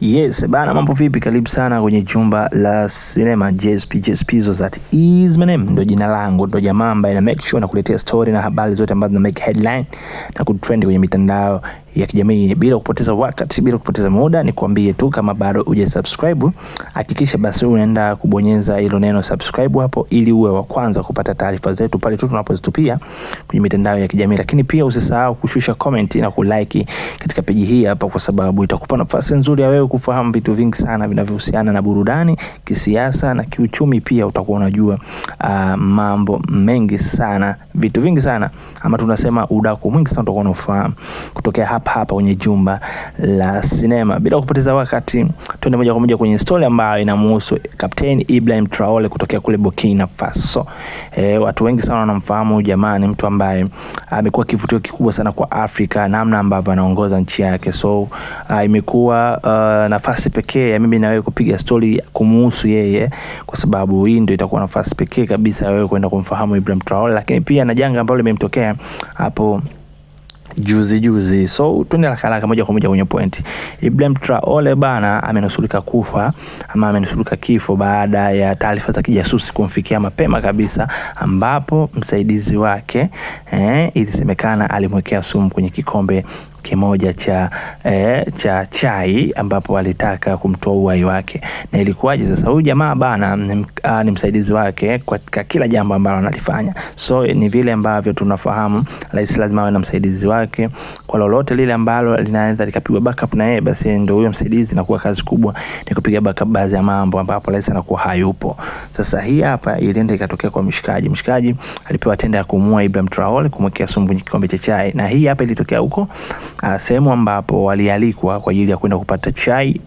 Yes, bana mambo vipi? Karibu sana kwenye chumba la sinema JSP, JSP so that is my name, ndo jina langu, ndo jamaa ambaye na make sure na kuletea story na habari zote ambazo na make headline na kutrend kwenye mitandao ya kijamii bila kupoteza wakati, bila kupoteza muda, nikwambie tu kama bado uja subscribe, hakikisha basi unaenda kubonyeza hilo neno subscribe hapo, ili uwe wa kwanza kupata taarifa zetu pale tu tunapozitupia kwenye mitandao ya kijamii. Lakini pia usisahau kushusha comment na kulike katika peji hii hapa, kwa sababu itakupa nafasi nzuri ya wewe kufahamu vitu vingi sana vinavyohusiana na burudani, kisiasa na kiuchumi. Pia utakuwa unajua uh, mambo mengi sana, vitu vingi sana ama tunasema udaku mwingi sana utakuwa unafahamu kutokea hapa hapa kwenye jumba la sinema. Bila kupoteza wakati, tuende moja kwa moja kwenye story ambayo inamhusu Kapteni Ibrahim Traore kutokea kule Burkina Faso. E, watu wengi sana wanamfahamu jamani, mtu ambaye amekuwa kivutio kikubwa sana kwa Afrika, namna ambavyo anaongoza nchi yake. So imekuwa uh, nafasi pekee ya mimi na wewe kupiga story kumhusu yeye, kwa sababu hii ndio itakuwa nafasi pekee kabisa ya wewe kwenda kumfahamu Ibrahim Traore, lakini pia na janga ambalo limemtokea hapo juzi juzi. So tuende haraka haraka moja kwa moja kwenye point. Ibrahim Traore bana amenusurika kufa ama amenusurika kifo baada ya taarifa za kijasusi kumfikia mapema kabisa, ambapo msaidizi wake eh, ilisemekana alimwekea sumu kwenye kikombe kimoja cha, eh, cha chai ambapo alitaka kumtoa uhai wake. Na ilikuwaje sasa? Huyu jamaa bana ah, ni, msaidizi wake katika kila jambo ambalo analifanya. So ni vile ambavyo tunafahamu rais lazima awe na msaidizi wake kwa lolote lile ambalo linaweza likapigwa backup na yeye, basi ndio huyo msaidizi na kuwa kazi kubwa ni kupiga backup baadhi ya mambo ambapo rais anakuwa hayupo. Sasa hii hapa ilienda ikatokea kwa mshikaji. Mshikaji alipewa tenda ya kumua Ibrahim Traore, kumwekea sumu kwenye kikombe cha chai, na hii hapa ilitokea huko Ah, sehemu ambapo walialikwa kwa ajili ya kwenda kupata chai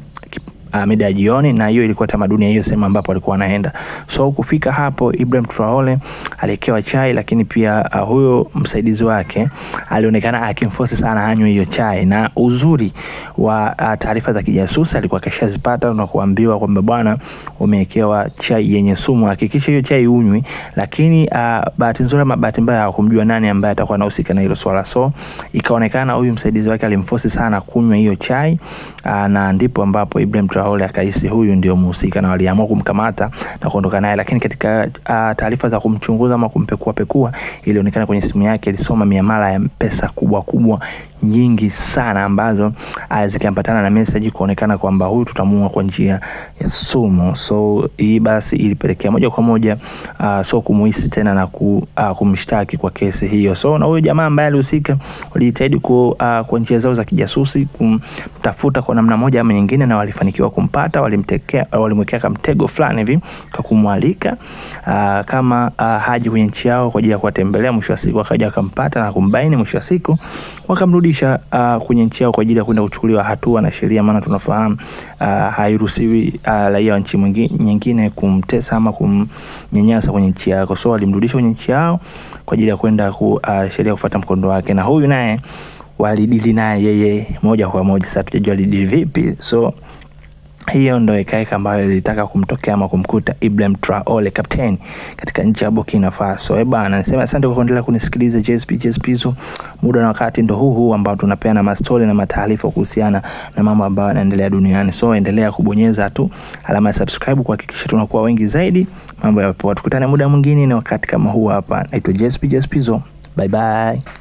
uh, mida ya jioni, na hiyo ilikuwa tamaduni ya hiyo sehemu ambapo alikuwa anaenda. So kufika hapo, Ibrahim Traore alikewa chai, lakini pia uh, huyo msaidizi wake alionekana akimforce sana anywe hiyo chai, na uzuri wa uh, taarifa za kijasusi alikuwa kashazipata na kuambiwa kwamba bwana, umewekewa chai yenye sumu, hakikisha hiyo chai unywi. Lakini uh, bahati nzuri ama bahati mbaya hakumjua nani ambaye atakuwa anahusika na hilo swala, so ikaonekana huyu msaidizi wake alimforce sana kunywa hiyo chai uh, na ndipo ambapo Ibrahim Traore Traore akahisi huyu ndio mhusika na waliamua kumkamata na kuondoka naye, lakini katika uh, taarifa za kumchunguza ama kumpekua pekua, ilionekana kwenye simu yake alisoma miamala ya pesa kubwa kubwa nyingi sana ambazo uh, zikiambatana na message kuonekana kwamba huyu tutamuua kwa njia ya sumu. So hii basi ilipelekea moja kwa moja uh, so kumuhisi tena na ku, uh, kumshtaki kwa kesi hiyo. So na huyo jamaa ambaye alihusika walijitahidi kwa uh, njia zao za kijasusi kumtafuta kwa namna moja ama nyingine na walifanikiwa kumpata, walimtekea walimwekea kamtego fulani hivi kwa kumwalika ah, kama aa, ah, haji kwenye nchi yao kwa ajili ya kuwatembelea. Mwisho wa siku akaja akampata na kumbaini, mwisho wa siku wakamrudisha ah, kwenye nchi yao kwa ajili ya kwenda kuchukuliwa hatua na sheria, maana tunafahamu hairuhusiwi raia wa nchi nyingine kumtesa ama kumnyanyasa kwenye nchi yao. So walimrudisha kwenye nchi yao kwa ajili ya kwenda ku sheria kufuata mkondo wake, na huyu naye walidili naye yeye moja kwa moja. Sasa tujajua alidili vipi so hiyo ndo hekaheka ambayo ilitaka kumtokea ama kumkuta Ibrahim Traore captain katika nchi ya Burkina Faso. Eh bana, nasema asante kwa kuendelea kunisikiliza JSP JSP JSPzo. Muda na wakati ndo huu huu ambao tunapea na mastori na mataarifa kuhusiana na mambo ambayo yanaendelea duniani. So endelea kubonyeza tu alama ya subscribe kuhakikisha tunakuwa wengi zaidi. Mambo yapo. Tukutane muda mwingine na wakati kama huu hapa. Naitwa JSP JSP JSPzo. Bye bye.